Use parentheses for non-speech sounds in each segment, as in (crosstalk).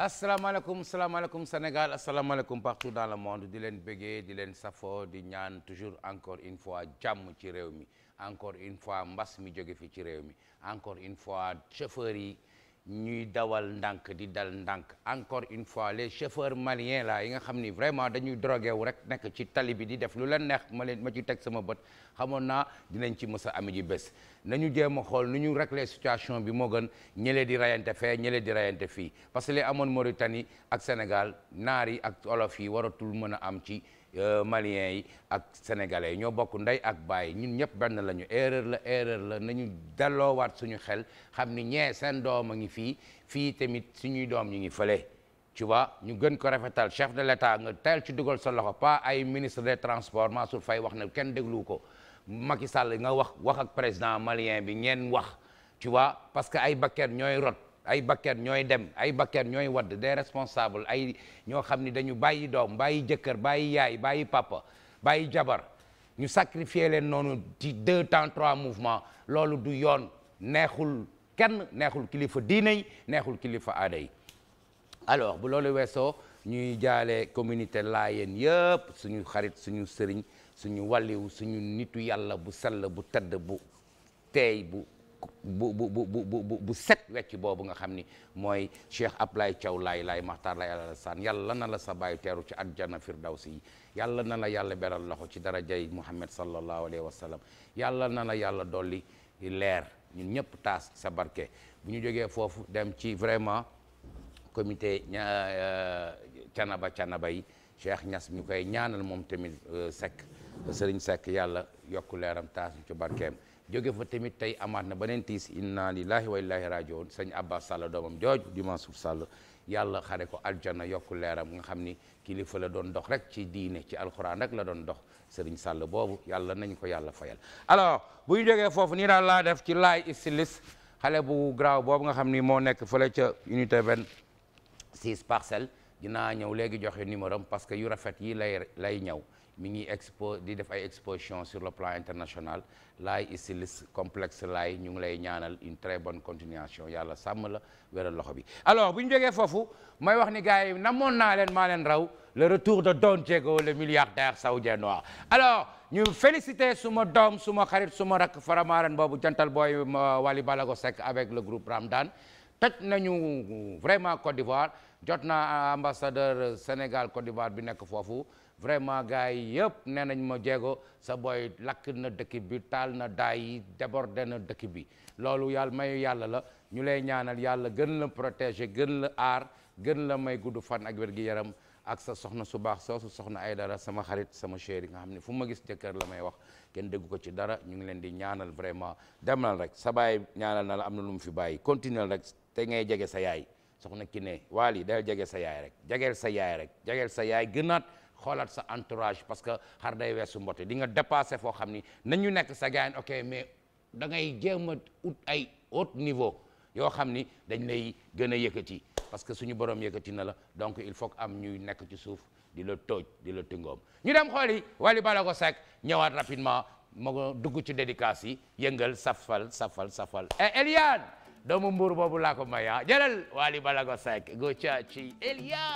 asalaamaaleykum salaamaaleykum Sénégal asalaamaaleykum partout dans le monde di leen bëggee di leen safoo di ñaan toujours encore une fois jàmm ci réew mi encore une fois mbas mi jóge fi ci réew mi encore une fois chauffeur yi. ñuy dawal ndànk di dal ndànk encore une fois les chauffeurs maliens la yi nga xam ni vraiment dañuy drogué wu rek nekk ci tali bi di def lu leen neex ma leen ma ci teg sama bët xamoon naa dinañ ci mës a am ji bés nañu jéem a xool nu ñu régler situation bi moo gën ñëlee di rayante fee ñëlee di rayante fii parce que li amoon Mauritanie ak Sénégal naar yi ak olof yi waratul mën a am ci Euh, maliens yi ak sénégalais yi ñoo bokk ndey ak baay ñun ñëpp benn lañu erreur la erreur la nañu delloowaat suñu xel xam ni ñee seen doom a ngi fii fii tamit suñuy doom ñu ngi fële. tu vois ñu gën ko rafetal chef de l'état nga teel ci dugal sa loxo pas ay ministre des transports Mansour Faye wax na kenn déglu ko Macky Sall nga wax wax ak président malien bi ngeen wax tu vois parce que ay bakkan ñooy rot. ay bakken ñooy dem ay bakken ñooy wadd des responsable ay ñoo xam ni dañu bàyyi doom bàyyi jëkkër bàyyi yaay bàyyi papa bàyyi jabar ñu sacrifier leen noonu ci deux temps trois mouvements loolu du yoon neexul kenn neexul kilifa diine yi neexul kilifa aada yi alors bu loolu weesoo ñuy jaale communauté laayeen yëpp suñu xarit suñu sëriñ suñu wàlliw suñu nitu yàlla bu sell bu tëdd bu teey bu bu bu bu bu bu set wecc boobu nga xam ni mooy Cheikh Ablaye Thiaw laay laay Maxtaar laay Alassane yàlla na la sa bàyyi teeru ci àjjana firdawsi yi yàlla na la yàlla beral loxo ci darajay Muhammad sallallahu alayhi wa sallam yàlla na la yàlla dolli leer ñun ñëpp taas sa barke bu ñu jógee foofu dem ci vraiment comité canaba euh, canaba yi Cheikh ñas ñu koy ñaanal moom tamit euh, Seck Serigne sekk yàlla yokk leeram taas ci barkeem jóge fa tamit tey amaat na beneen tiis inna lillahi wa illahi rajiun sëñ Abbas Sall doomam jooju di Mansour Sall yàlla xare ko aljana yokku leeram nga xam ni kilifa la doon dox rek ci diine ci alxuraan rek la doon dox sëriñ sàll boobu yàlla nañ ko yàlla fayal alors bu ñu jógee foofu nii daal laa def ci laay istilis xale bu graw boobu nga xam ni moo nekk fële ca unité 26 parcelle dinaa ñëw léegi joxe numéro am parce que yu rafet yi lay lay ñëw mi ngi expo di def ay exposition sur le plan international laay isilis complexe laay ñu ngi lay ñaanal une très bonne continuation yàlla sàmm la wéral loxo bi alors bu ñu jógee foofu mooy wax ni gars yi namoon naa leen maa leen raw le retour de Don Diego le milliardaire saoudien noir alors ñu félicité suma doom suma xarit suma rak faramaaren boobu jantal booy euh, Wally Ballago Seck avec le groupe Ramdan toj nañu vraiment Côte d'Ivoire jot naa ambassadeur Sénégal Côte d'Ivoire bi nekk foofu vraiment gars yi yëpp nee nañ ma jéego sa booy lakk na dëkk bi taal na daay yi débordé na dëkk bi loolu yàlla mayu yàlla la ñu lay ñaanal yàlla gën la protéger gën la aar gën la may gudd fan ak wér gi yaram ak sa soxna su baax soosu soxna ay dara sama xarit sama chéri nga xam ne fu ma gis jëkkër la may wax kenn déggu ko ci dara ñu ngi leen di ñaanal vraiment demal rek sa baay ñaanal na la am na lu mu fi bàyyi continuer rek te ngay jege sa yaay soxna Kiné Waly day jege sa yaay rek jegeel sa yaay rek jegeel sa yaay gënaat xoolaat sa entourage parce que xar day weesu mbote di nga dépassé foo xam ni nañu nekk sa gaañ ok mais da ngay jéem a ut ay haut niveau yoo xam ni dañ lay gën a yëkkati parce que suñu borom yëkkati na la donc il faut am ñuy nekk ci suuf di la tooj di la tingoom ñu dem xool yi Waly Ballago Seck ñëwaat rapidement moo dugg ci dédicace yi yëngal safal safal safal et eh, Eliane doomu mbuur boobu laa ko may ah jëlal Wally Balago Seck go ci Elia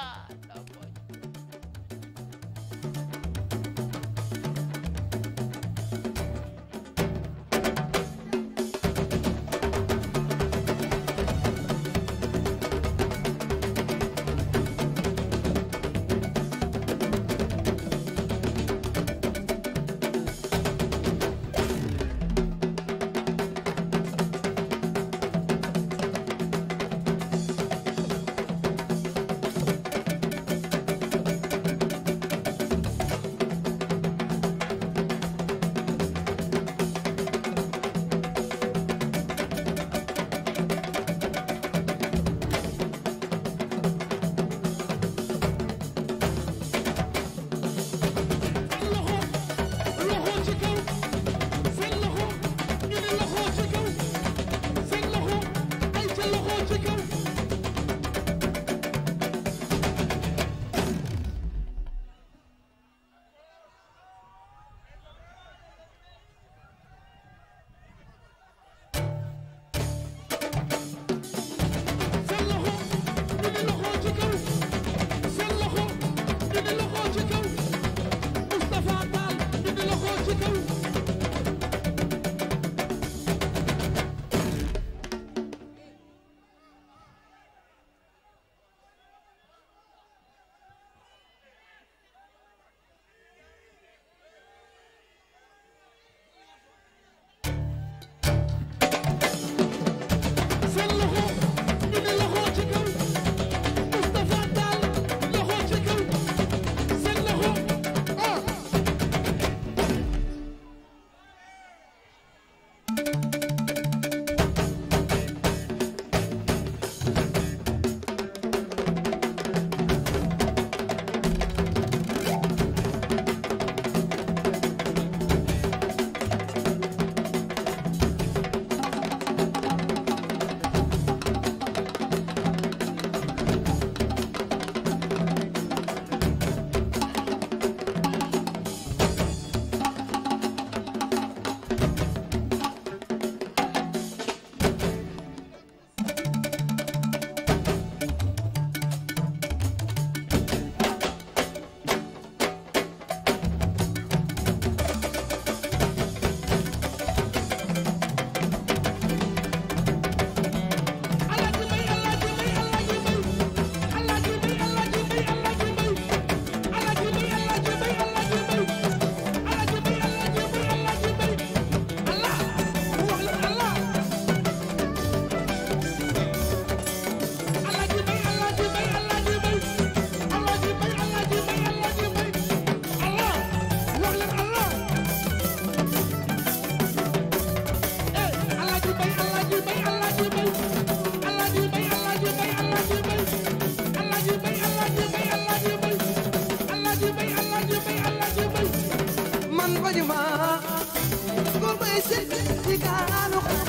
Africano.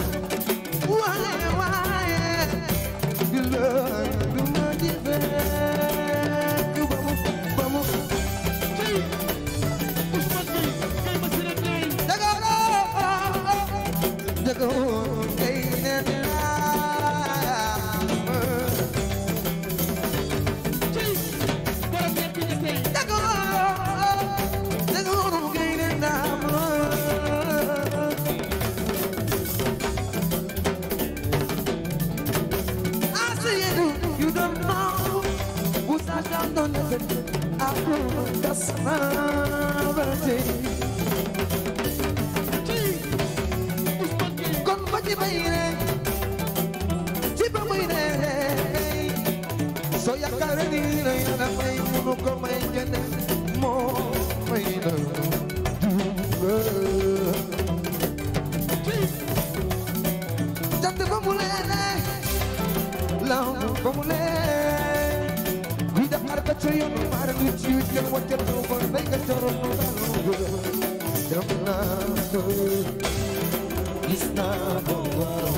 gis naa borom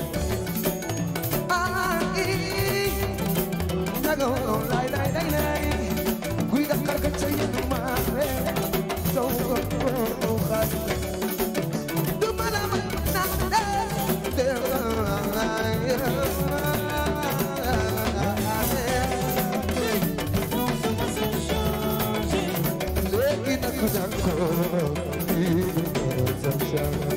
aan ii naga woo lay lay lay lay guy dakar ka cay du maare soo woo xaas du ma la ma naa dee Thank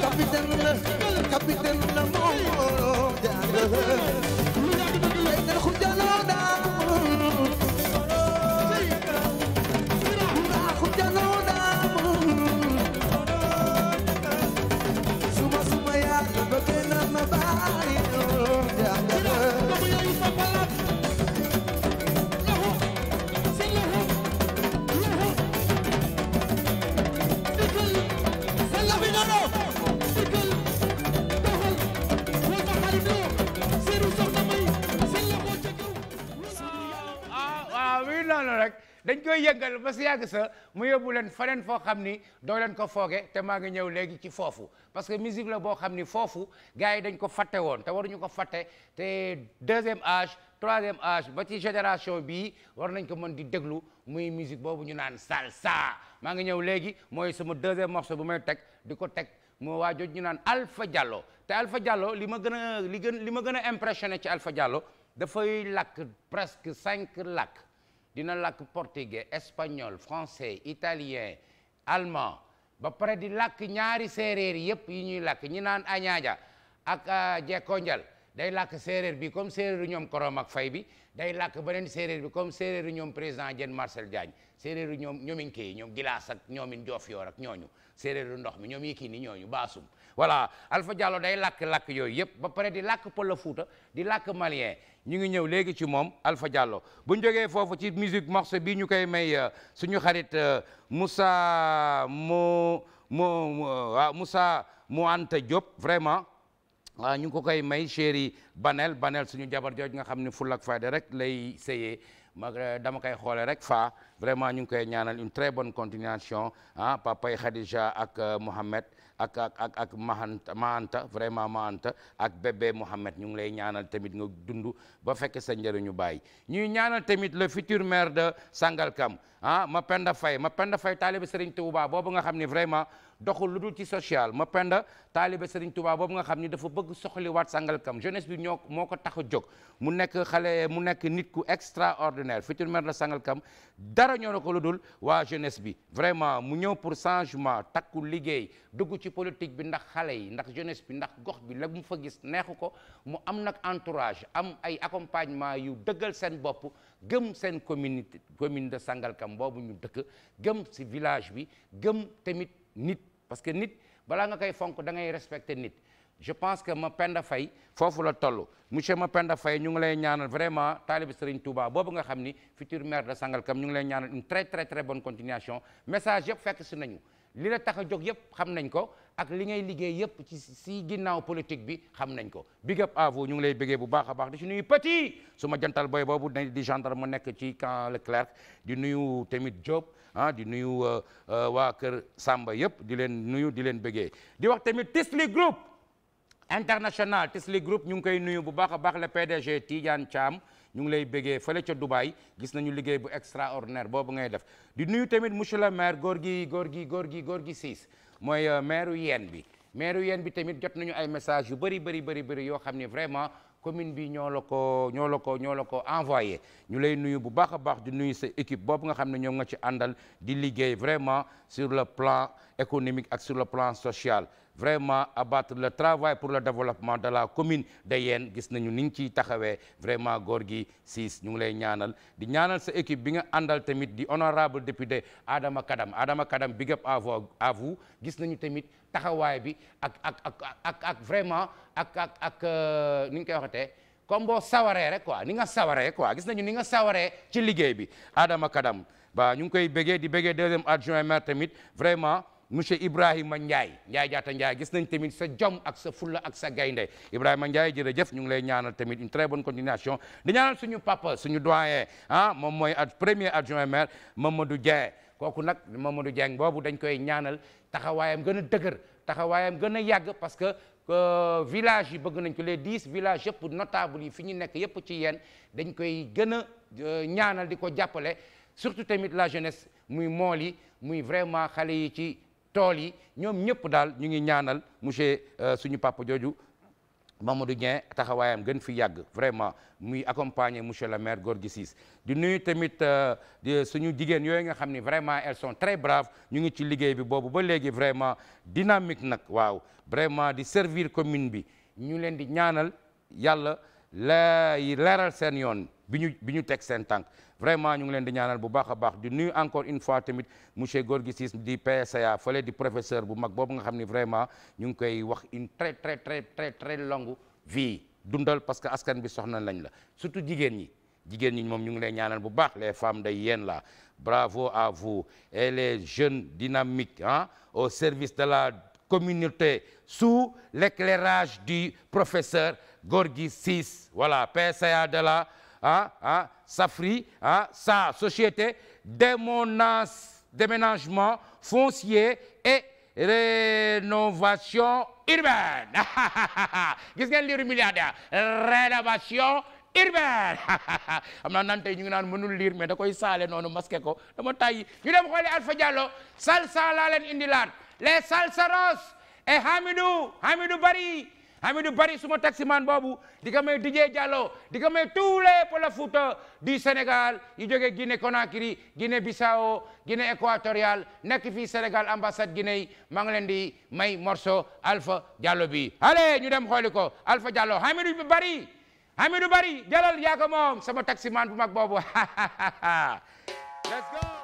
capitaine la capitaine la moo jaara dañ koy yëngal ba si yàgg sa mu yóbbu leen faneen foo xam ni doo leen ko fooge te maa ngi ñëw léegi ci foofu parce que musique la boo xam ni foofu gars yi dañ ko fatte woon te waruñu ko fatte te deuxième âge troisième âge ba ci génération bi war nañ ko mën di déglu muy musique boobu ñu naan salsa maa ngi ñëw léegi mooy sama deuxième morceau bu may teg di ko teg moo waa ñu naan alfa Diallo te Alpha Diallo li ma gën a li gën li ma gën a impressionné ci alfa Diallo dafay lakk presque cinq lakk dina làkk portugais espagnol français italien allemand ba pare di lakk ñaari séeréer yépp yi ñuy lakk ñi naan añaaja ak ah, jekonjal day lakk séeréer bi comme séeréeru ñoom korom ak fay bi day làkk beneen séeréer bi comme séeréeru ñoom président Jean Marcel Diagne séeréeru ñoom ñoominke yi ñoom gilaas ak ñoomin Diofior ak ñooñu séeréeru ndox mi ñoom Yékini ñooñu baasum wala Alpha Diallo day lakk lakk yooyu yépp ba pare di lakk pël Fuuta di lakk malien ñu ngi ñëw léegi ci moom Alpha bu ñu jógee foofu ci musique morceau bi ñu koy may euh, suñu xarit euh, Moussa mo mo waaw mu Anta Diop vraiment waaw ah, ñu ngi ko koy may chéri Banel Banel suñu jabar jooj nga xam ne fulla ak fayda rek lay séyee ma euh, dama koy xoolee rek fa vraiment ñu ngi koy ñaanal une très bonne continuation ah papay Khadija ak Mohamed ak ak ak ak mahanta mahanta vraiment mahanta ak bébé Mohamed ñu ngi lay ñaanal tamit nga dund ba fekk sa njëriñu bàyyi ñuy ñaanal tamit la futur maire sangal kam ah ma penda fay ma penda fay taaliba Serigne Touba boobu nga xam ni vraiment doxul ludul dul ci social ma penda taaliba Serigne Touba boobu nga xam ni dafa bëgg soxliwaat Sangalkam jeunesse bi ñoo moo ko tax a jóg mu nekk xale mu nekk nit ku extraordinaire futur maire de kam dara ñoo na ko lu dul waa jeunesse bi vraiment mu ñëw pour changement takku liggéey dugg ci politique bi ndax xale yi ndax jeunesse bi ndax gox bi la mu fa gis neexu ko mu am nag entourage am ay accompagnement yu dëggal seen bopp gëm seen communauté commune de kam boobu ñu dëkk gëm ci village bi gëm tamit nit parce que nit balaa nga koy fonk da ngay respecter nit je pense que ma Mapenda fay foofu la toll ma Mapenda Faye ñu ngi lay ñaanal vraiment taalibi Serigne Touba boobu nga xam ni futur maire sangal kam ñu ngi lay ñaanal une très très très bonne continuation message yëpp fekk si nañu li la tax a jóg yëpp xam nañ ko ak li ngay liggéey yépp ci si ginnaaw politique bi xam nañ ko big up à vous ñu ngi lay bëggee bu baax a baax di si nuyu pati su ma jantal boy boobu dañ di gendarme mu nekk ci camp Leclerc di nuyu tamit Diop ah di nuyu euh, euh, waa kër sàmba yépp di leen nuyu di leen bëggee di wax tamit Tisli Group international Tisli Group ñu ngi koy nuyu bu baax a baax le PDG Tidiane Thiam ñu ngi lay bëggee fële ca Dubaï gis nañu liggéey bu extraordinaire boobu ngay def di nuyu tamit monsieur le maire góor gi góor gi góor gi góor gi siis mooy euh, maire yeen bi maire yeen bi tamit jot nañu ay message yu bëri bëri bëri bëri yoo xam ne vraiment commune bi ñoo la ko ñoo la ko ñoo la ko envoyé ñu lay nuyu bu baax a baax di nuyu sa équipe boobu nga xam ne ñoom nga ci àndal di liggéey vraiment sur le plan économique ak sur le plan social vraiment abattre le travail pour le développement de la commune de Yène gis nañu ni ñu ciy taxawee vraiment góor gi siis ñu ngi lay ñaanal di ñaanal sa équipe bi nga àndal tamit di honorable député Adama Kadam Adama Kadam big up à vous à vous gis nañu tamit taxawaay bi ak ak ak ak ak vraiment ak ak ak euh, ni ñu koy waxatee comme boo sawaree rek quoi ni nga sawaree quoi gis nañu ni nga sawaree ci liggéey bi Adama Kadam ba ñu ngi koy béggee di béggee deuxième adjoint maire tamit vraiment monsieur Ibrahima Ndiaye Ndiaye jaata Ndiaye gis nañ tamit sa jom ak sa fulla ak sa gaynde Ibrahima Ndiaye jërëjëf ñu ngi lay ñaanal tamit une très bonne continuation di ñaanal suñu papa suñu doyen ah moom mooy premier adjoint maire Mamadou Dieng kooku nag Mamadou Dieng boobu dañ koy taxawaayam gën a dëgër taxawaayam gën a yàgg parce que village yi bëgg nañ ko les dix villages yëpp notables yi fi ñu nekk yëpp ci yéen dañ koy gën a euh, ñaanal di ko jàppale surtout tamit la jeunesse muy mool yi muy vraiment xale yi ci tool yi ñoom ñëpp daal ñu ngi ñaanal monsieur euh, suñu papa jooju Mamadou Dieng taxawaayam gën fi yàgg vraiment muy accompagner monsieur le maire Gorgui di nuyu tamit euh, suñu jigéen yooyu nga xam ni vraiment elles sont très braves ñu ngi ci liggéey bi boobu ba léegi vraiment dynamique nag waaw vraiment di servir commune bi ñu leen di ñaanal yàlla lay leeral seen yoon bi ñu bi ñu teg seen tànk vraiment ñu ngi leen di ñaanal bu baax a baax di nuy encore une fois tamit monsieur Gorgui di PSA fële di professeur bu mag boobu nga xam ni vraiment ñu ngi koy wax une très très très très très longue vie dundal parce que askan bi soxna lañ la surtout jigéen ñi jigéen ñi moom ñu ngi lay ñaanal bu baax les femmes de yéen la bravo à vous et les jeunes dynamiques ah au service de communauté sous l'éclairage du professeur Gorgui Ciss voilà PCA de la ah ah Safri ah sa société déménage déménagement foncier et rénovation urbaine (laughs) gis ngeen liiru milliardaire rénovation urbaine xam (laughs) naa nante ñu ngi naan mënul liir mais da koy saale noonu masqué ko dama tàyyi ñu dem xooli Alpha Diallo sal sa laa leen indi laat les salsaros et Hamidou Hamidou Bari Hamidou Bari suma taximan boobu di ko may Didier Diallo di ko may tous les Pël-Fuuta du Sénégal yu jógee Guinée Conakry Guinée Bissau Guinée équatoriale nekk fii Sénégal ambassade Guinée maa ngi leen di may morceau alfa Diallo bi allez ñu dem xooli ko Alpha Diallo Hamidou Bari Hamidou Bari jëlal yaa ko sama taximan mag boobu (laughs) let's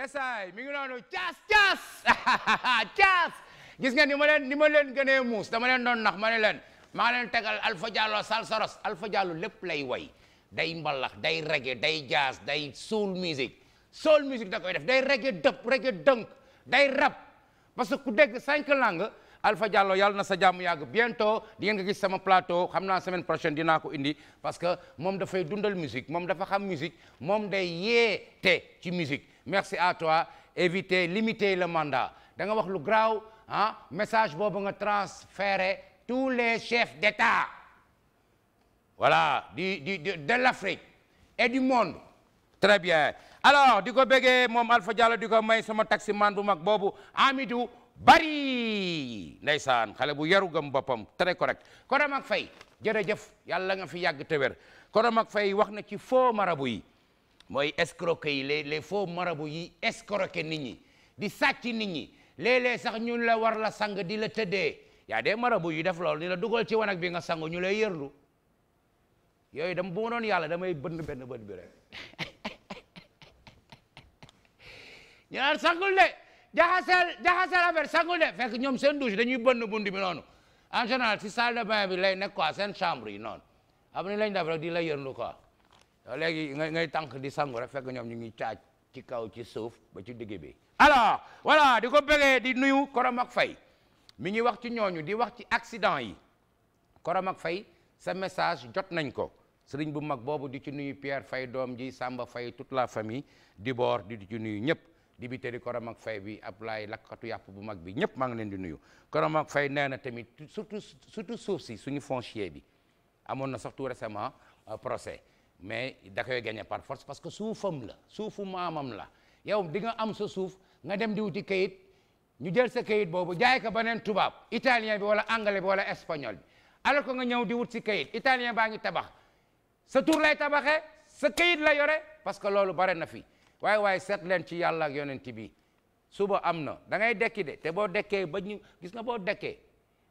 yesaay mi ngi noonu caas caas (laughs) caas gis nga ni ma leen ni ma leen gënee muus dama leen doon nax ma ne leen maa leen tegal Alpha Diallo salsaros Alpha Diallo lépp lay way day mbalax day reggae day jazz day soul music soul music da koy def day reggae dëpp reggae dënk day rap parce que ku dégg cinq langues Alpha Diallo yàlla na sa jàmm yàgg bientôt di ngeen nga gis sama plateau xam naa semaine prochaine dinaa ko indi parce que moom dafay dundal musique moom dafa xam musique moom day yeete ci musique merci à toi éviter limiter le mandat da nga wax lu graaw ah message boobu nga transféré tous les chefs d'État voilà du du de l'Afrique et du monde très bien alors di ko bëggee moom Alpha jàll di ko may sama taximan bu mag boobu Amidou bari ndeysaan xale bu yaru gëm boppam très correct Kodam ak Faye jërëjëf yàlla nga fi yàgg te wér fay wax na ci faux marabu yi mooy escroquer yi les les faux marabouts yi escroquer nit ñi di sàcc nit ñi léeg-léeg sax ñun la war la sang di la tëddee yaa mara bu yi def loolu ni la dugal ci wanag bi nga sangu ñu lay yërlu yooyu dama bu ma doon yàlla damay bënn benn bët bi rek (laughs) ñu naan sangul de jaxasal jaxasal affaire sangul de fekk ñoom seen douche dañuy bënn bunt bi noonu en général si salle de bain bi lay nekk quoi seen chambre yi noonu am ni lañ def rek di la yërlu quoi léegi ngay ngay tànk di sangu rek fekk ñoom ñu ngi caaj ci kaw ci suuf ba ci digg bi alors voilà di ko bëggee di nuyu Korom ak Fay mi ngi wax ci ñooñu di wax ci accident yi Korom ak Fay sa message jot nañ ko sëriñ bu mag boobu di ci nuyu Pierre Fay doom ji Samba Fay toute la famille di boor di ci nuyu ñëpp di bi tëri Korom ak Fay bi Ablaye lakkatu yàpp bu mag bi ñëpp maa ngi leen di nuyu Korom ak Fay nee na tamit surtout surtout suuf si suñu foncier bi amoon na sax tout récemment euh, procès mais da koy gagné par force parce que suufam la suufu maamam la yow di nga am sa suuf nga dem di kayit ñu jël sa kayit boobu jaay ko beneen tubaab italien bi wala anglais bi wala espagnol bi alors que nga ñëw di wut si kayit italien baa ngi tabax sa tur lay tabaxee sa kayit la yore parce que loolu bare na fi waaye waaye seet leen ci yàlla ak yonent bi suba am na da ngay dekki de te boo dekkee ba ñu gis nga boo dekkee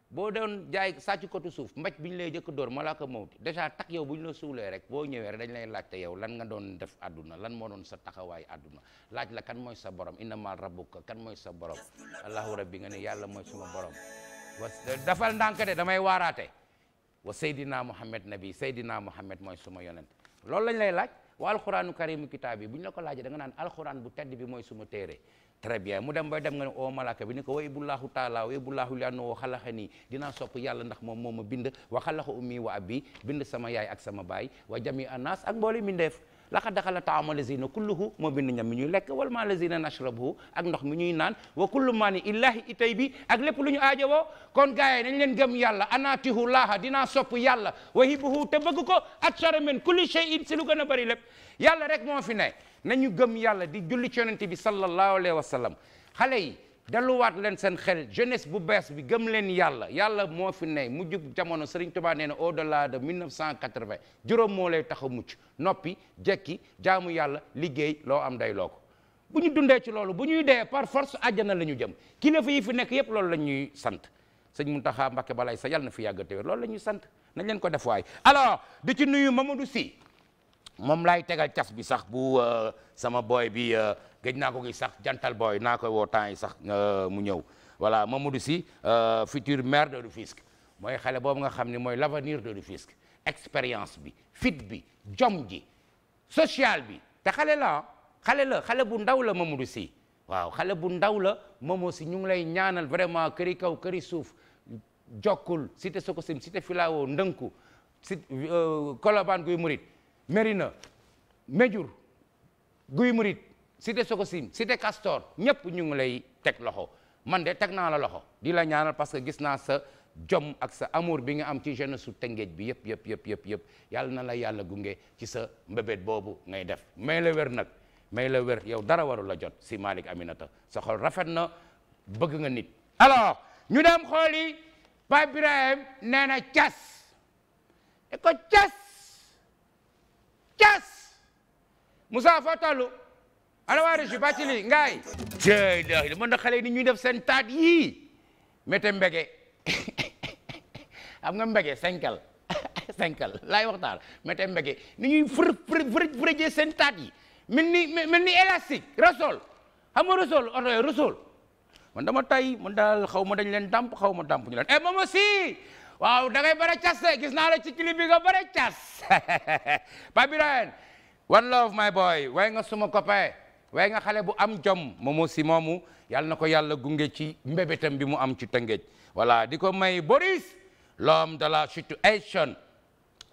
boo doon jaay sàcc kotu suuf mbaj bi ñu lay jëkk dóor malaaka mawti dèjà tak yow bu ñu la suulee rek boo ñëwee rek dañ lay laajte yow lan nga doon def àdduna lan moo doon sa taxawaay àdduna laaj la kan mooy sa borom innamal rabbuka kan mooy sa borom allahu rabbi nga ne yàlla mooy suma borom wa eh, dafal ndànk de damay waaraate wa saydina muhammad nabi saydina muhammad mooy suma yonent loolu lañ lay laaj wa alquranu karimu kitaab yi bu ñu la ko laajee da naan alquran bu tedd bi mooy suma téere très bien mu dem bay dem nga ne o oh, malaka bi ni ko wa ibullaahu taala wa ibullaahu li annahu xalaxa nii dinaa sopp yàlla ndax moom moo ma bind wa xalaxa ummi wa abi bind sama yaay ak sama baay wa jami annaas ak mboole mindeef laxa daxala taama lazina kulluhu moo bind ñam mi ñuy lekk wala maa lazina nashrabuhu ak ndox mi ñuy naan wa kullu maa ni illahi itay bi ak lépp lu ñu aajowoo kon gars yi nañ leen gëm yàlla anaatihu laaha dina sopp yàlla wahibuhu te ko at saramen kulli shay'in si lu gën a bëri lépp yàlla rek moo fi ne nañu gëm yàlla di julli ci yonent bi sallallahu alayhi wa sallam xale yi delluwaat leen seen xel jeunesse bu bees bi gëm leen yàlla yàlla moo fi ne mu jub jamono Serigne Touba nee na au delà de 1980 juróom moo lay tax a mucc noppi jekki jaamu yàlla liggéey loo am day loo ko bu ñu dundee ci loolu bu ñuy dee par force àjjana la ñu jëm kilifa yi fi nekk yépp loolu la ñuy sant sëñ taxa Mbacké balay sa yàlla na fi yàgg a téwér loolu la ñuy sant nañ leen ko def moom laay tegal cas bi sax bu euh, sama booy bi euh, géej naa ko gi sax jantal booy naa ko woo temps yi sax euh, mu ñëw voilà Mamadou Sy futur maire de Rufisque mooy xale boobu nga xam ni mooy lavanir de Rufisque expérience bi fit bi jom ji social bi te xale la xale la xale bu ndaw la Mamadou si waaw xale bu ndaw la Momo Sy ñu ngi lay ñaanal vraiment këri kaw këri suuf jokkul cité Sococim cité filao ndënku cité Colobane guy murit Mérina Médiour Guy Mouride Cité Sococim Cité Castor ñëpp ñu ngi lay teg loxo man de teg naa la loxo di la ñaanal parce que gis naa sa jom ak sa amour bi nga am ci jeunesse su Tëngéej bi yëpp yëpp yëpp yëpp yëpp yàlla na la yàlla gunge ci sa mbébét boobu ngay def may la wér nag may la wér yow dara warul la jot si Malick Aminata sa xol rafet na bëgg nga nit alors ñu dem xooli Pape Birahim cas ko cas Thiès Moussa foo toll ana waa régi Bathily Ngaye tey daal mën na xale yi ni ñuy def seen taat yii méte mbege am nga mbege senkal senkal laay waxtaan méte mbege ni ñuy fër fër fërëjee seen taat yi mel ni mel ni élastique resol xam nga resol oto yi resol man dama tay man daal xaw ma dañ leen dàmp xaw ma dàmp ñu leen e eh, mooma waaw da ngay bare cas gis naa la ci clip bi nga bare cas (laughs) Pape Birahim one love my boy way nga suma copain way nga xale bu am jom moomu si moomu yàlla na ko yàlla gunge ci mbébétam bi mu am ci tëngéej voilà di ko may Boris l'homme de la situation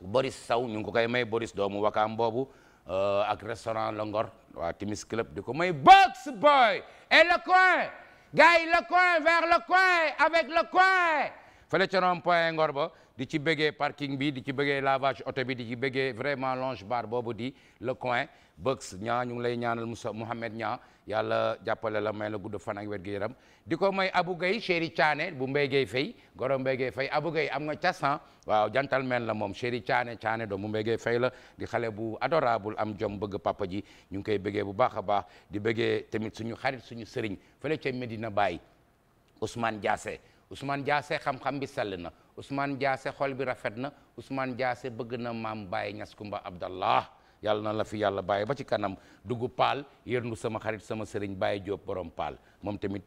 Boris Sow ñu ngi ko koy may Boris doomu wakaam boobu euh, ak restaurant Longor waa Timis Club di ko may box boy et le coin gars yi le coin vers le coin avec le fële ca point ngor ba di ci bëggee parking bi di ci bëggee lavage oto bi di ci bëggee vraiment longe bar boobu di le coin bëx ñaa ñu ngi lay ñaanal Moussa Mouhamed ñaa yàlla jàppale la may la gudd fan ak wér gu yaram di ko may Abou gay chéri caane bu Mbaye Gueye Faye goro Mbaye Gueye Faye Abou gay am nga casan waaw gentleman la moom chéri caane caane doomu Mbaye Gueye Faye la di xale bu adorable am jom bëgg papa ji ñu ngi koy bëggee bu baax a baax di bëggee tamit suñu xarit suñu sëriñ fële ca Medina Baye Ousmane Diassé Ousmane Diassé xam-xam bi sell na Ousmane Diassé xol bi rafet na Ousmane Diassé bëgg na maam Baye Niass Kumba Abdallah yàlla na la fi yàlla bàyyi ba ci kanam dugg paal yërndu sama xarit sama sëriñ Baye joob borom paal moom tamit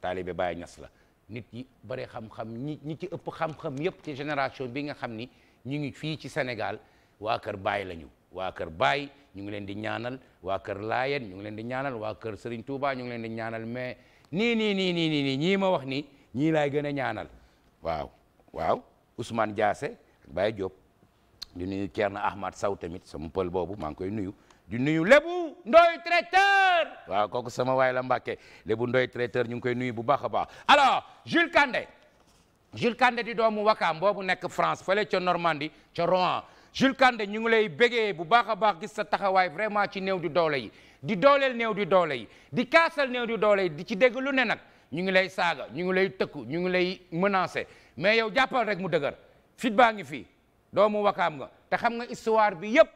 taalibe Baye Niass la nit yi bare xam-xam ñi ñi ci ëpp xam-xam ci génération bi nga xam ni ñu ngi fii ci Sénégal waa kër Baye la waa kër Baye ñu di ñaanal waa kër Laayeen ñu ngi leen di ñaanal waa kër Serigne Touba ñu ngi leen di ñaanal mais nii nii nii nii ñii ma wax nii ñii laay gën a ñaanal waaw waaw Ousmane Diassé ak Baye Diop di nuyu Thierno Ahmad Sow tamit sama pël boobu maa ngi koy nuyu di nuyu Lebu Ndoy traiteur waaw kooku sama waay la Mbàkke Lebu Ndoy traiteur ñu ngi koy nuyu bu baax a baax alors Jules Kandé Jules Kandé di doomu Wakaam boobu nekk France fële ca Normandie ca Rouen Jules kande ñu ngi lay bégee bu baax a baax gis sa taxawaay vraiment ci néew di doole yi di doole kaasal néew di doole yi di ci dégg lu ne nag ñu ngi lay saaga ñu ngi lay tëkku ñu ngi lay menacer mais yow jàppal rek mu dëgër fit baa ngi fii doomu wakaam nga te xam nga histoire bi yëpp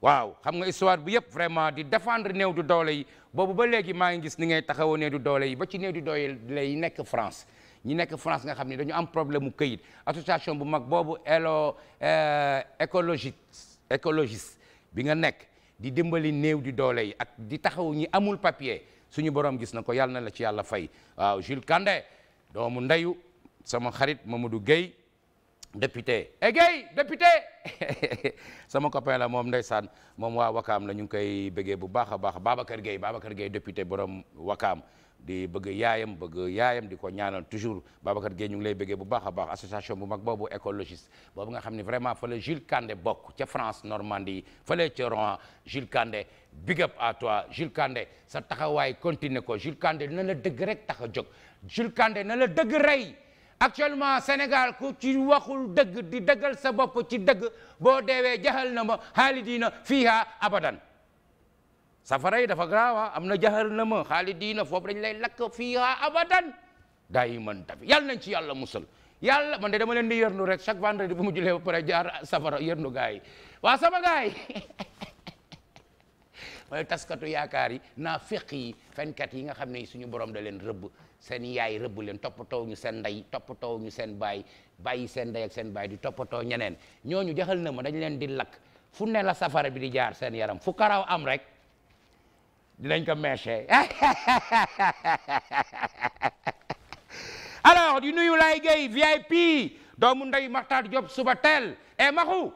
waaw xam nga histoire bi yëpp vraiment di defendre néew du doole yi boobu ba léegi maa ngi gis ni ngay taxawoo néew du doole yi ba ci néew du doole yi nekk France ñi nekk France nga xam ni dañu am problème mu këyit association bu mag boobu elo euh, écologiste écologiste bi nga nekk di dimbali néew di doole yi ak di taxaw ñi amul papier suñu borom gis na ko yàlla na la ci yàlla fay waaw Jules Kandé doomu ndeyu sama xarit Mamadou Guèye député e eh, Guèye député (laughs) sama copain moom moom ndeysaan moom waa Wakaam la ñu ngi koy bëggee bu baax a baax Babacar Guèye Babacar Guèye député borom Wakaam di bëgg yaayam bëgg yaayam di ko ñaanal toujours Babacar Gueye ñu ngi lay bëggee bu baax a baax association bu mag boobu écologiste boobu nga xam ni vraiment fële Jules Kandé bokk ca France Normandie fële ca Rouen Jules Kandé big à toi Jules Kandé sa taxawaay continuer ko Jules Kandé na la dëgg rek tax a jóg Jules Kandé na la dëgg rey actuellement Sénégal ko ci waxul dëgg di dëggal sa bopp ci dëgg boo deewee jaxal na ma xaalidiina fiiha abadan safara yi dafa garaawa ah, am na na jahannama xaalidiina foofu dañ lay lakk fiiha abadan daayiman tafi yàlla nañ ci yàlla musal yàlla man de dama leen di yërnu rek chaque vendredi bu mu julee ba pare jaar safara yërnu gaa waa sama gaa (laughs) taskatu yaakaar yi naa féq yi yi nga xam ne suñu borom da leen rëbb seen yaay rëbb leen toppatoo ñu seen ndey toppatoo ñu seen baay bàyyi seen ak seen baay di toppatoo ñeneen ñooñu jaxal na ma dañ leen di lakk fu ne la safara bi di jaar seen yaram fu karaw am rek dinañ ko meesee (laughs) alors di nuyu Laye Gueye VIP doomu nday Maxtaar job suba teel e eh, maxu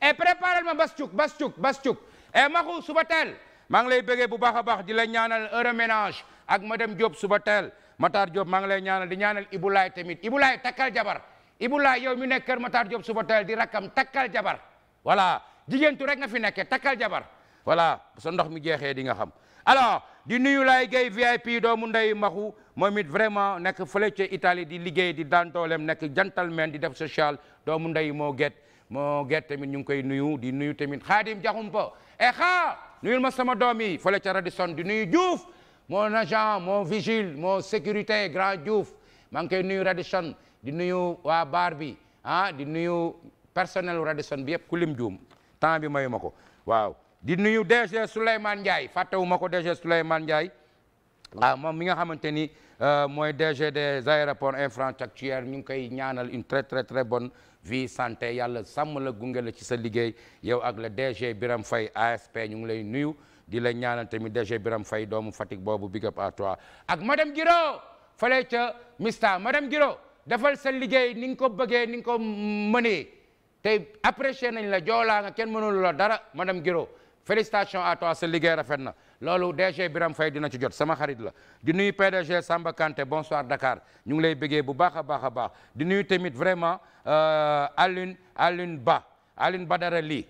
e eh, préparel ma bas cuk bas cuk bas cuk e eh, maxu suba teel maa ngi lay bëggee bu baax a baax di la ñaanal heure ménage ak madame Diop suba teel Matar Diop maa ngi lay ñaanal di ñaanal Ibulaay tamit ibulay takkal jabar Ibulaay yow mi nekk kër Matar Diop suba teel di rakkam takkal jabar voilà jigéentu rek nga fi nekkee takkal jabar voilà sa ndox mi jeexee di nga xam alors di nuyu laay gay VIP doomu ndey maxu moom it vraiment nekk fële ca di liggéey di daan dooleem nekk gentleman di def social doomu ndey moo get moo get tamit ñu ngi koy nuyu di nuyu tamit xaadim jaxumpa e eh, xa nuyul ma sama doom yi fële ca Radisson di nuyu Diouf moo agent moo vigile moo sécurité grand Diouf maa ngi koy nuyu Radisson di nuyu waa baar bi ah di nuyu personnel Radisson bi yëpp kulim lim juum temps bi mayu ma ko waaw di nuyu DG Souleymane Ndiaye fàttewuma ko DG Souleymane Ndiaye ah moom mi nga xamante ni euh, mooy DG des aéroports infrastructure ñu ngi koy ñaanal une très très très bonne vie santé yàlla sàmm la gunge la ci sa liggéey yow ak le DG Biram Faye ASP ñu ngi lay nuyu di la ñaanal tamit DG Biram fay doomu Fatick boobu big up à toi ak madame Giro fële ca Mista madame Giro defal sa liggéey ni nga ko bëggee ni nga ko mënee tey apprécié nañ la joolaa nga kenn mënul la dara madame Giro félicitations à toi sa liggéey rafet na loolu DG Biram Faye dina ci jot sama xarit la di nuy PDG Samba Kanté bonsoir Dakar ñu ngi lay bëggee bu baax a baax a baax di nuy tamit vraiment euh, Alioune Alioune Ba Alioune Badara Ly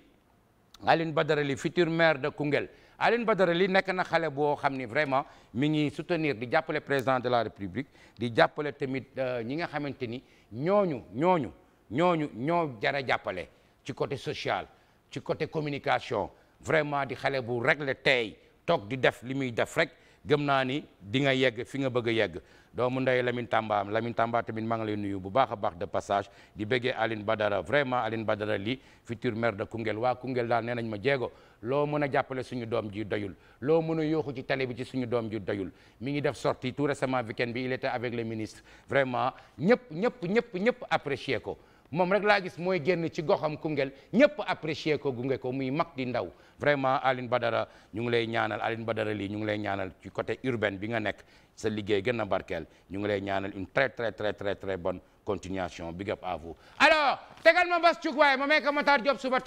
Alioune Badara Ly futur maire de Koungheul Alioune Badara Ly nekk na xale boo xam ni vraiment mi ngi soutenir di jàppale président de la République di jàppale tamit euh, ñi nga xamante ni ñooñu ñooñu ñooñu ñoo jara jàppale ci côté sociale ci côté communication vraiment di xale bu réglé tey toog di def li muy def rek gëm naa ni di nga yegg fi nga bëgg a yegg doomu ndey Lamine Tamba lamin Tamba tamit maa ngi lay nuyu bu baax a baax de passage di bëggee Aline Badara vraiment Aline Badara li futur maire de Koungheul waa Koungheul daal nee nañ ma jéego loo mën a jàppale suñu doom ji doyul loo mën a yooxu ci télé bi ci suñu doom ji doyul mi ngi def sortie tout récemment weekend bi il était avec le ministre vraiment ñëpp ñëpp ñëpp ñëpp apprécié ko moom rek laa gis mooy génn ci goxam Koungheul ñëpp apprécier ko gunge ko muy mag di ndaw vraiment Aline Badara ñu ngi lay ñaanal Aline Badara lii ñu ngi lay ñaanal ci côté urbain bi nga nekk sa liggéey gën a barkeel ñu ngi lay ñaanal une très très très très bon bonne continuation big up à vous alors tegal ma bas cuk waaye ma may ko Matar Diop suba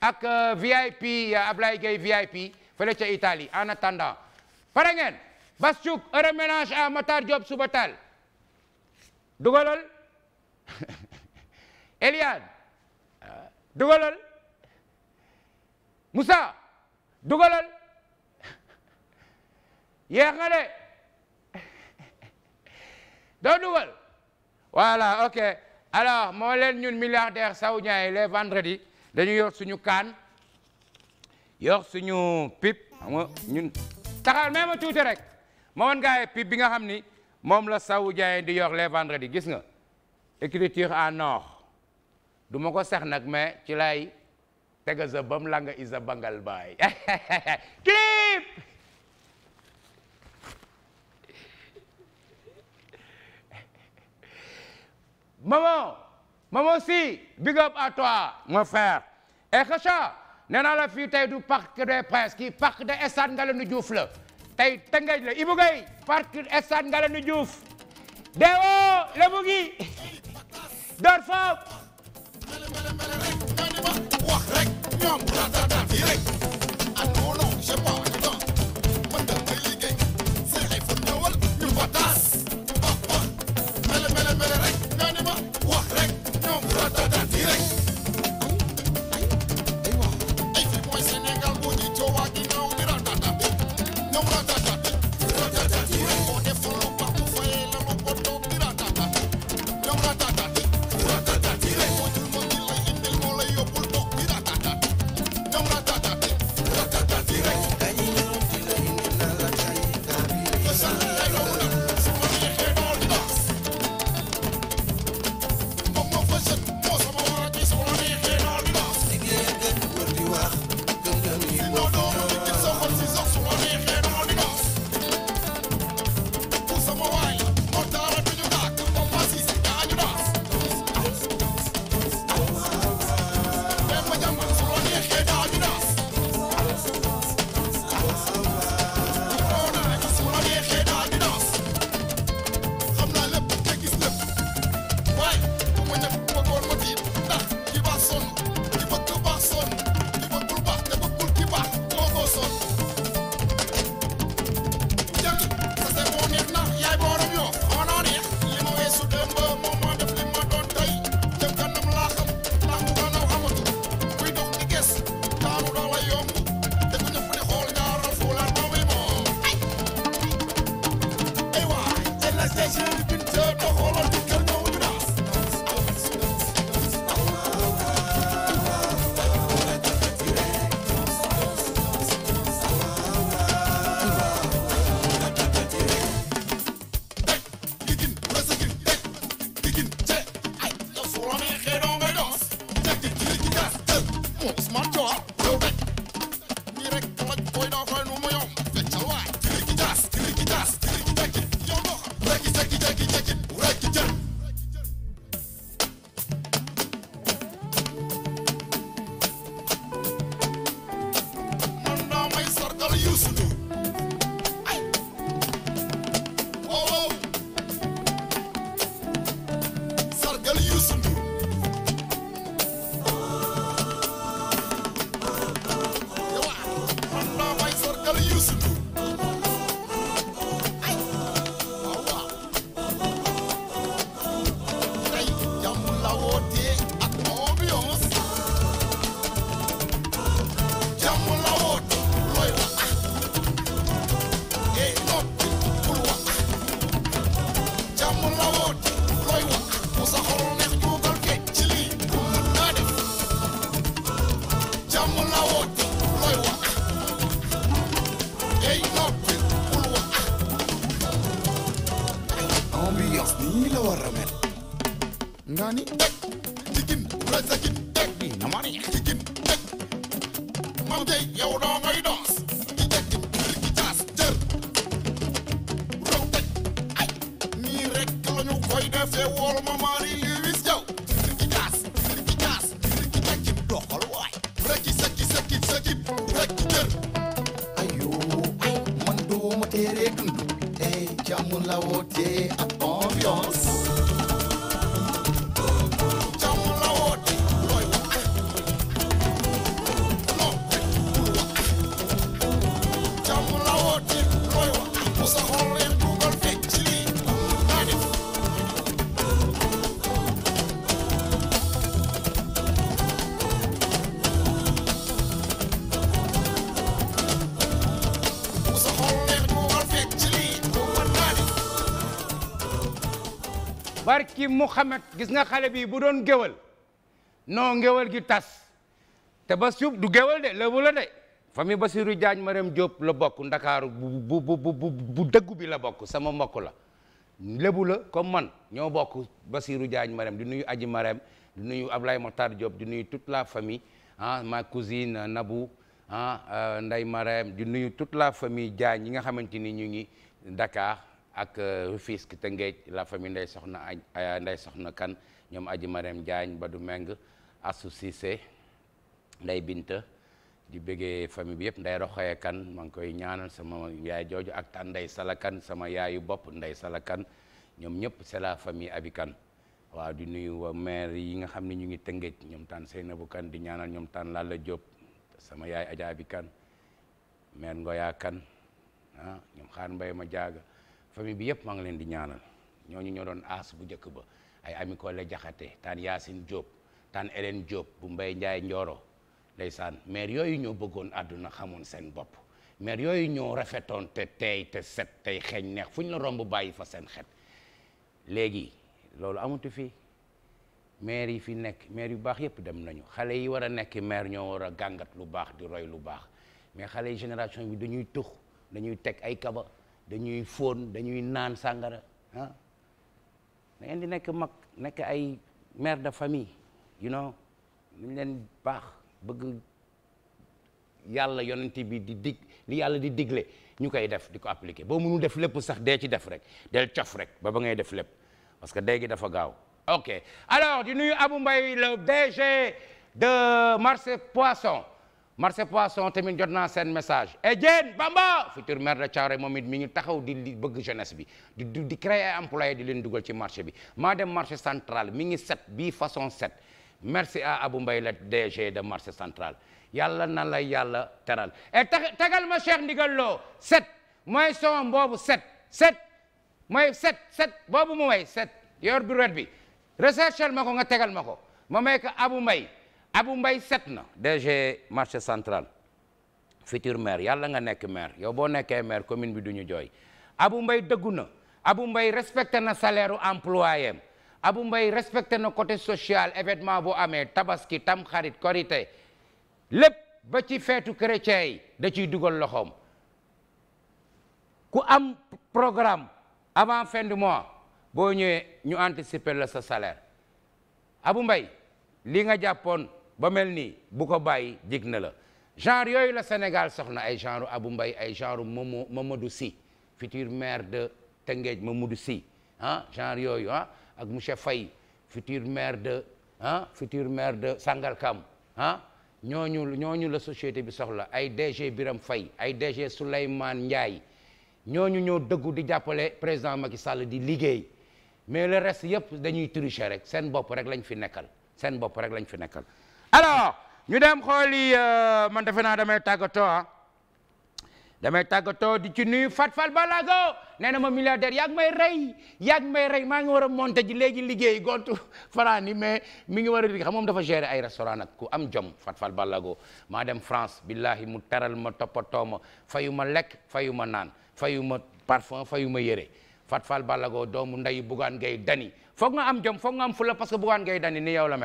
ak euh, VIP euh, Ablaye Gueye VIP fële ca Italie en attendant pare ngeen bas cuk reménage à Matar Diop suba teel (laughs) Eliane dugalal musa dugalal yéex nga de doo dugal voilà ok alors moo leen ñun milliardaire saoudien yi les vendredis dañu yor suñu kaan yor suñu pip xam nga ñun taxal même ma tuuti rek ma woon gars pip bi nga xam ni moom la saoudien yi di yor les vendredis gis nga écriture en or du ma ko nag mais ci lay tega sa bam la nga isa bangal baay (laughs) clip maman maman si big up à toi mon frère et eh, xacha nee la fii tey du parc des princes kii parc de Estade Ngalandou Diouf la tey tëngaj la Ibou Guèye parc Estade Ngalandou Diouf dewo lebu gi (laughs) dor foof wax rek ñoom ratata fii rek jàmm la woon looy wax mu sa xol neex ci lii mën naa def jàmm la woon looy wax ey noppi bul wax nii la war a nga ni teg jigéen la sa gin teg na ma neex jigéen teg man tey yow doo ci Muhammad gis nga xale bi bu doon géwal non ngéwal gi tas te ba suub du géwal de lébu la de famille Basiru Jaañ Maram Jóob la bokk ndakaaru bu bu bu bu dëggu bi la bokk sama mbokk la lébu la comme man ñoo bokk Basiru Jaañ Maram di nuyu Aji Maram di nuyu lay Mokhtar Diop di nuyu toute la famille ah ma cousine Nabou ah euh, Ndey Maram di nuyu toute la famille Jaañ yi nga xamante ni ñu ngi Dakar ak euh, Rufisque Tëngéej la famille Ndeye Soxna a euh, Ndeye Soxna Kan ñoom Aji Mariam ba du Meng Assou Cissé Ndeye Binta di bëggee famille bi yëpp Ndeye Roxoye Kan ngi koy ñaanal sama yaay jooju ak tan Ndeye sama yaayu bopp Ndeye Sala ñoom ñëpp c'est la famille Abi waaw di nuyu wa maire yi nga xam ne ñu ngi Tëngéej ñoom tan Seynabou Kan di ñaanal ñoom tan Lalla Diop sama yaay Adja Kan maire Ngoya Kan ah, ñoom xaan mbay ma jaaga famille bi yëpp maa ngi leen di ñaanal ñooñu ñoo doon aas bu jëkk ba ay ami la jaxate taan Yacine jóob taan Hélène Diop bu Mbaye Ndiaye Ndioro saan maire yooyu ñoo bëggoon àdduna xamoon seen bopp maire yooyu ñoo rafetoon te teey te set tey xeeñ neex fu ñu la romb bàyyi fa seen xet léegi loolu amatu fi maire yi fi nekk maire yu baax yëpp dem nañu xale yi war a nekk maire ñoo war a gàngat lu baax di roy lu baax mais xale yi génération bi dañuy tux dañuy teg ay kaba dañuy fóon dañuy naan sàngara ah da nekk mag nekk ay maire de famille yu noo ñu leen paax bëgg yàlla yonent bi di dig li yàlla di digle ñu koy def di ko appliquer boo mënul def lépp sax dee ci def rek del cof rek ba ba ngay def lépp parce que dee gi dafa gaaw ok alors di nuyu Abou Mbaye le DG de Marché Poisson marché poisson tamit jot naa seen message Etienne eh, Bamba futur maire de moom it mi ngi taxaw di bëgg jeunesse bi di di créer ay employés di leen dugal ci marché bi maa dem marché central mi ngi set bii façon set merci à Abou Mbaye la DG de marché central yàlla na la yàlla teral et eh, tagal ma Cheikh Ndigal Lo set mooy son boobu set set mooy set set boobu mu way set yor bureau bi recherchel ma ko nga tegal ma ko ma may ko Abou Abou Mbaye set na DG marché central futur maire yàlla nga nekk maire yow boo nekkee maire commune bi du ñu jooy Abou Mbaye dëggu na abu Mbaye respecte na salaire employé am Abou Mbaye respecté na côté social événement boo amee tabaski tamxarit korité lépp ba ci feetu chrétien yi da ciy dugal loxoom ku am programme avant fin du mois boo ñëwee ñu anticiper la sa salaire Abou Mbaye li nga jàppoon ba mel ni bu ko bàyyi jig na la genre yooyu la Sénégal soxna ay genre Abou mbay ay genre Momo Mamadou si futur maire de ma Mamadou si ah genre yooyu ah ak monsieur fay futur maire de ah futur maire de Sangalkam ah ñooñu ñooñu la société bi soxla ay DG Biram fay ay DG Souleymane Ndiaye ñooñu ñoo dëggu di jàppale président Macky Sall di liggéey mais le rest yëpp dañuy tricher rek seen bopp rek lañ fi nekkal seen bopp rek lañ fi nekkal alors ñu dem xooli euh, man defe naa damay tàggatoo ah damay tàggatoo di ci nuyu Fat Fall nee na ma milliardaire yaa ngi may rey yaa ngi may rey maa ngi war a monté ji léegi liggéey gontu (laughs) faraan yi mais mi ngi war a liggéey xam moom dafa gérer ay restaurant nag ku am jom fatfal Fall Balago maa dem France billahi mu teral ma toppatoo ma fayu ma lekk fayu ma naan fayu ma parfum fayu ma yére Fat Fall Balago doomu ndeyu Bougane Gueye Dany foog nga am jom foog nga am fula parce que Bougane Gueye Dany ni yow la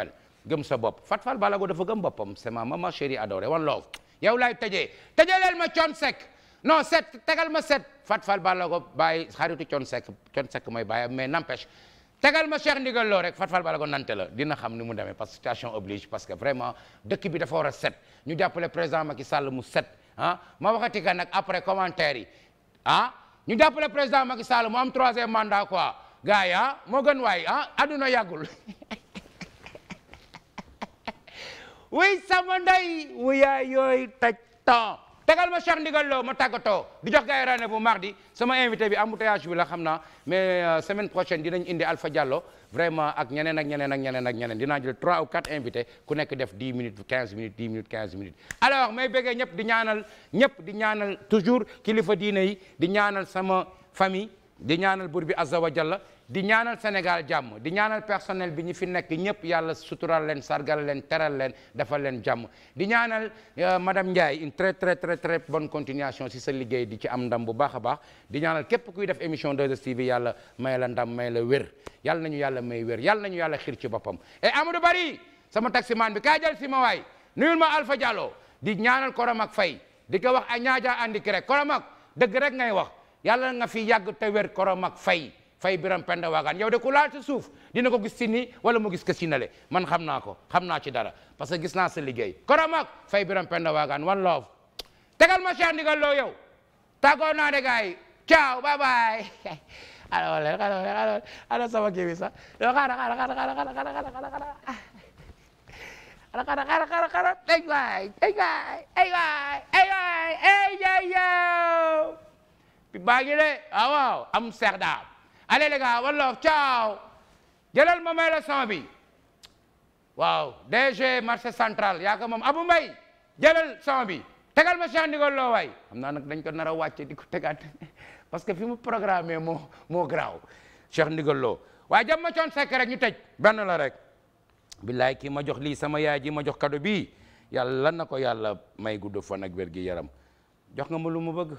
gëm bopp Fat Balago dafa gëm boppam c'est ma maman chérie adorée one love yow laay tëjee tëjaleel ma Thione Seck non set tegal ma set Fat Fall Balago bàyyi xaritu Thione Seck Thione Seck mooy bàyyi mais n'empêche tegal ma Cheikh Ndigal Lo rek Balago nante la dina xam ni mu demee parce que oblige parce vraiment dëkk bi dafa war a set ñu jàppale président Macky Sall mu set ah ma waxati ka après commentaire yi ah ñu jàppale président Macky Sall mu am troisième mandat quoi (laughs) wuy sama ndey wuyaa yooyu taj temps tegal ma Cheikh Ndigal Lo ma tàggatoo di jox gars yi rendez-vous sama invité bi embouteillage bi la xam naa mais euh, semaine prochaine dinañ indi Alpha Diallo vraiment ak ñeneen ak ñeneen ak ñeneen ak ñeneen dinaa jël 3 ou 4 invités ku nekk def 10 minutes 15 minutes 10 minutes 15 minutes alors may bëggee ñëpp di ñaanal ñëpp di ñaanal toujours kilifa diine yi di ñaanal sama famille di ñaanal buur bi azza wa jalla di ñaanal Sénégal jàmm di ñaanal personnel bi ñu fi nekk ñëpp yàlla sutural leen sargal leen teral leen defal leen jàmm di ñaanal euh, madame Ndiaye une très très très très bonne continuation si sa liggéey di ci am ndam bu baax a baax di ñaanal képp kuy def émission 2STV yàlla may la ndam may la wér na nañu yàlla may wér yàlla nañu yàlla xiir ci boppam et Amadou Bari sama taximaan bi kaa jël si ma waay nuyul ma Alpha di ñaanal Koromak fay di ko wax a ñaajaa andi ki rek Koromak dëgg rek ngay wax yàlla nga fi yàgg te wér Koromak Faye fay biram penda waagaan yow de ku laal ci suuf dina ko gis si nii wala mu gis ko si nale man xam naa ko xam naa ci dara parce que gis naa sa liggéey koramak fay biram penda waagaan one love tegal ma Cheikh Ndigal Lo yow tàggoo naa de gars yi ciao bye bye alors alors alors sama kii bi sax yow xaaral xaaral xaaral xaaral xaaral xaaral xaaral xaaral xaaral ay waay ay waay ay waay ay waay ay yow bi baa ngi de waaw ah, waaw am seex daal allez les gars one love ciao jëlal ma may la son bi waaw DG marché central yaa ko moom Abou Mbaye jëlal son bi tegal ma Cheikh Ndigol Lo waay xam nag dañ ko nar a wàcce di ko tegaat (laughs) parce que fi mu programmé moo moo graaw Cheikh Ndigol jamma waaye jam rek ñu tëj benn la rek billaay kii ma jox lii sama yaay ji ma jox kado bii yàlla na ko yàlla may gudd fan ak wér gi yaram jox nga ma lu mu bëgg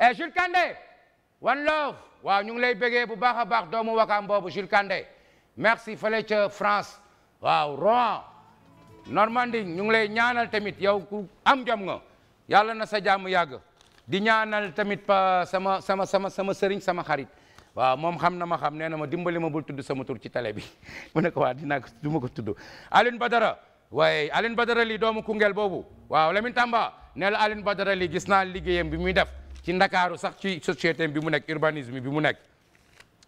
eh Jules Kandé one love waaw ñu ngi lay bëggee bu baax a baax doomu wakaam boobu Jules Kandé merci fële ca France waaw Rouen Normandie ñu ngi lay ñaanal tamit yow ku am jom nga yàlla na sa jàmm yàgg di ñaanal tamit pa sama sama sama sama sëriñ sama xarit waaw moom xam na ma xam nee na ma dimbali ma bul tudd sama tur ci télé bi (laughs) mu ne ko waa dinaa ko du ma ko tudd Aline Badara waaye Aline Badara li doomu Koungheul boobu la Lamine Tamba nee la Aline Badara li gis naa liggéeyam bi muy def ci ndakaaru sax ci bi mu nekk urbanisme bi mu nekk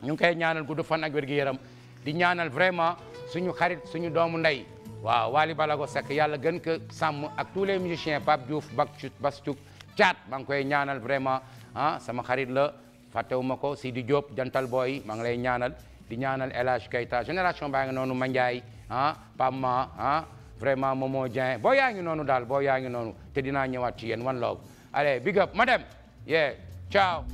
ñu ngi koy ñaanal gudd fan ak wér-gu-yaram di ñaanal vraiment suñu xarit suñu doomu ndey waaw Wally Balago Seck yàlla gën ko sàmm ak tous les musiciens Pape Diouf Bakchut Bastouk Thiat maa ngi koy ñaanal vraiment ah sama xarit la fàttewuma ko Sidi Diop jantal booy maa ngi lay ñaanal di ñaanal El Hadj Keita génération baa ngi noonu Mandiaye ah Pamma ah vraiment moo Dieng boo yaa ngi noonu daal boo yaa ngi noonu te dinaa ñëwaat ci yéen one love Yeah. Ciao.